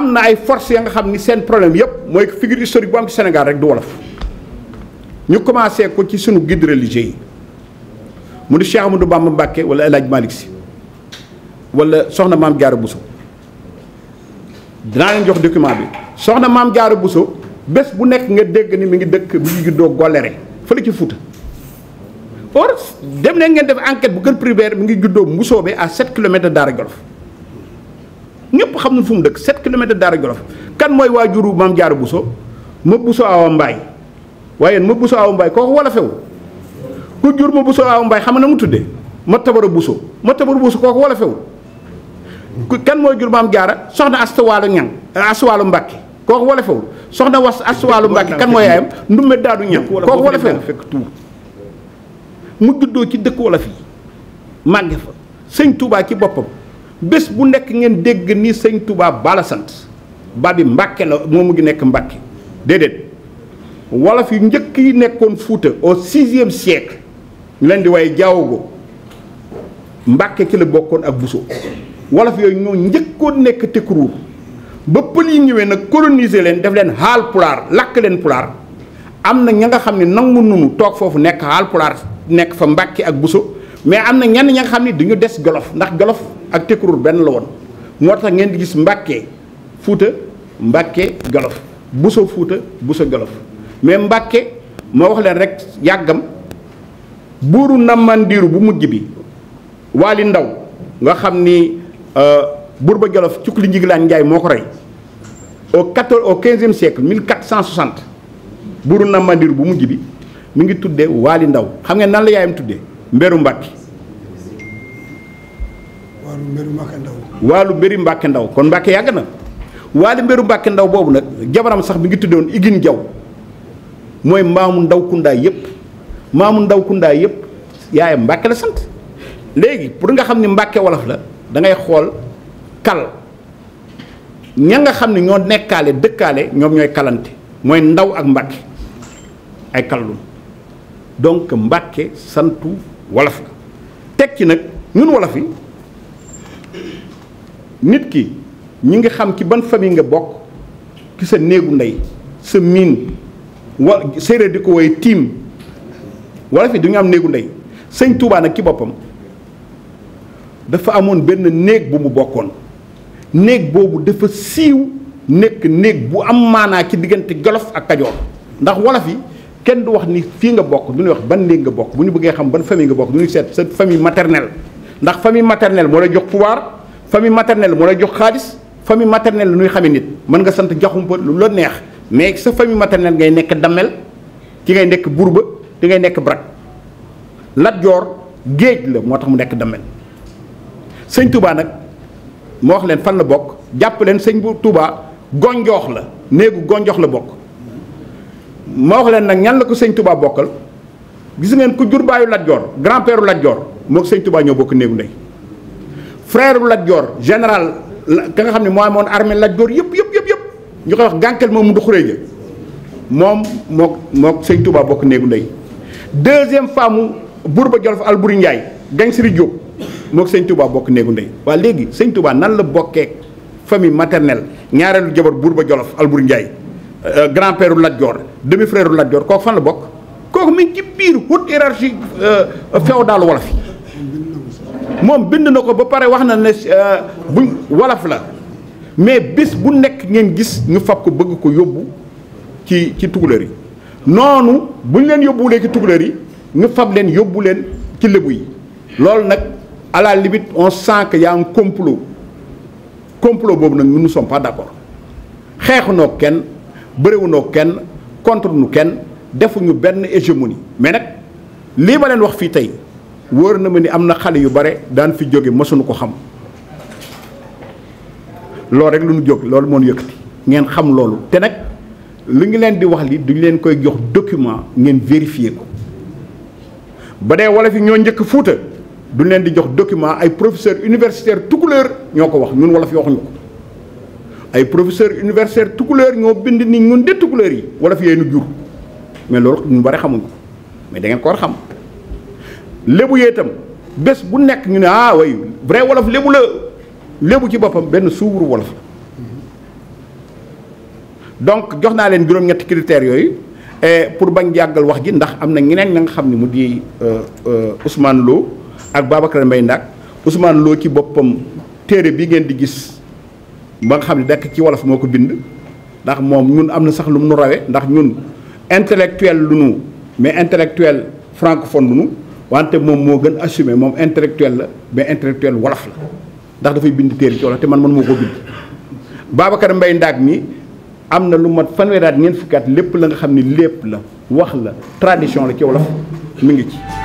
am na ay force ya nga xam ni seen problème yëpp mooy figure historique bu am ci Sénégal rek du wolof ñu commencé ko ci sunu guide religieux yi mu di Cheikh Amadou Bamba Mbacké wala laaj Hadj si Sy wala soxna maam Diarra Bousso dinaa leen jox document bi soxna maam Diarra Bousso bés bu nekk nga dégg ni mu ngi dëkk bi ñu juddoo Goléré fële ci Fouta or dem ne ngeen def enquête bu gën primaire mi ngi juddoo Mbusoobe à 7 kilomètres de Daara Jolof ñëpp xam na fu mu dëkk 7 kilomètres Daara Jolof kan mooy waa waajuru maam Jaara Buso ma Buso a Mbaay waaye ma Buso Awa Mbaay kooku wala few ku jur ma Buso Awa Mbaay xam na mu tuddee ma tabara Buso ma tabara Buso kooku wala ku kenn mooy jur maam Jaara soxna astuwaalo ñang astuwaalo Mbàkke kooku wala few soxna was astuwaalo Mbàkke kan mooy yaayam ndumme daadu ñang kooku wala few mu juddoo ci dëkk wala fii màgge fa sëñ Tuubaa ci boppam bés bu nekk ngeen dégg ni sëñ Touba Bala sant ba bi Mbàkke la moom mu ngi nekk Mbàkke déedéet wolof yu njëkk yi nekkoon Fuuta au sixième siècle ñu leen di waaye jaawogo Mbàkke ki la bokkoon ak Buso wolof yooyu ñoo njëkkoon nekk Tekruur ba pël yi ñëwee nag coloniser leen def leen xaal pulaar lakk leen pulaar am na ña nga xam ne nangu nunu toog foofu nekk xaal pulaar nekk fa Mbàkke ak Buso mais am na ñenn ña nga xam ne du ñu des Jolof ndax Jolof ak Tekruur benn la woon moo tax ngeen di gis Mbàkke Fuuta Mbàkke Jolof Buso Fuuta Buso Jolof mais Mbàkke moo wax leen rek yàggam buuru Namandiiru bu mujj bi Waali Ndaw nga xam ni euh, buur ba Jolof Cukli Njiglaan Njaay moo ko rey au quatorze au quinzième siècle 1460 buuru Namandiiru bu mujj bi mu ngi tuddee Waali Ndaw xam ngeen nan la yaayam tuddee Mberu Mbacke. waalu Mberu Mbacke Ndaw. waalu Mberi Mbacke Ndaw kon Mbacke yàgg na waalu Mberu Mbacke Ndaw boobu nag jabaram sax bi ngi tuddoon Igin Jaw mooy mbaamu Ndaw Kundaay yëpp maamu Ndaw Kundaay yëpp yaayam Mbacke la sant léegi pour nga xam ni Mbacke wolof la dangay xool kal ña nga xam ne ñoo nekkaale dëkkaale ñoom ñooy kalante mooy Ndaw ak Mbacke ay kallu donc Mbacke santu. wolof teg ci nag ñun wolof yi nit ki ñi ngi xam ci ban famille nga bokk ci sa néegu ndey sa miin wa séeréer di ko woy tiim wolof yi du ñu am néegu ndey sëñ Touba nag ci boppam dafa amoon benn néeg bu mu bokkoon néeg boobu dafa siiw nekk néeg bu am maanaa ci diggante jolof ak kajoor ndax wolof yi kenn du wax ni fii nga bokk du ñu wax ban néeg nga bokk bu ñu bëggee xam ban famille nga bokk du ñu seet sa famille maternelle ndax famille maternelle moo lay jox pouvoir famille maternelle moo lay jox xaalis famille maternelle la ñuy xamee nit mën nga sant jaxumpa lu la neex mais sa famille maternelle ngay nekk dammel ci ngay nekk burba di ngay nekk brak Lat Joor géej la moo tax mu nekk dammel sëñ Touba nag moo wax leen fan la bokk jàpp leen sëñ bu Touba gonjoox la néegu gonjoox la bokk ma wax leen nag ñan la ko seigne Touba bokkal gis ngeen ku jur bayu ladjor grand père ladjor mok seigne Touba ñoo bokk néegu ndey frère ladjor général ka nga xamni ne moo armée ladjor Joor yëpp yëpp yëpp yëpp ñu koy wax gankel mom du xuréeja mom mok mok seigne Touba bokk néegu ndey deuxième femme Bourba Jolof Alburi ndjay gañ Siri Jóob mok seigne Touba bokk néegu ndey wa léegi seigne Touba nan la bokkeek famille maternelle ñaareelu jabar Bourba Jolof Alburi ndjay euh, grand-père u Lat demi-frère u Lat Joor fan la bok, kooku mi ngi pire, haute hiérarchie euh, euh, féodale wolof yi moom bind na ko ba pare wax na ne buñ wolof mais bis bu nek ngeen gis ñu fab ko bëgg ko yóbbu ci ci tukulër yi noonu bu ñu leen yóbbuwulee ci tukulër yi ñu fab leen yóbbu leen ci lébu yi loolu à la limite on sent qu'il y a un complot complot boobu nag nous ne sommes pas d'accord xeexunoo kenn bëriwunoo kenn contre nu kenn defuñu benn hégémonie mais nag lii ma leen wax fii tey wóor na ma ni am na xale yu bare daan fi jóge mësuñu ko xam loolu rek lu ñu jóg loolu moo yëkkati ngeen xam loolu te nag li ngi leen di wax li duñ leen koy jox document ngeen vérifier ko ba dee wala fi ñoo njëkk fuuta duñ leen di jox document ay professeur universitaire tukulóor ñoo ko wax ñun wala fi waxuñu ko ay professeur universitaire tukulóor ñoo bind ni ñun de tukulóor yi wala fi yee nu jur mais loolu bari xamuñu mais da ngeen ko war xam lébu yee tam bés bu nekk ñu ne ah way vrai wolof lébu la lébu ci boppam benn suuwuru wolof la donc jox naa leen juróom-ñetti critères yooyu pour bañ jàggal wax ji ndax am na ñeneen ña nga xam ne mu di euh, Ousmane loo ak Babacar Mbaye Ndak Ousmane loo ci boppam téere bi ngeen di gis ba nga xam ne dekk ci wolof moo ko bind ndax moom ñun am na sax lu mu nu rawe ndax ñun intellectuel lu nu mais intellectuel francophone lu nu wante moom moo gën assumé moom intellectuel la mais intellectuel wolof la ndax dafay bind téere ci wolof te man man moo ko bind Babacar mbay Ndaak mi am na lu mat fanweeraat ñeent fukki at lépp la nga xam ne lépp la wax la tradition la ci wolof mi ngi ci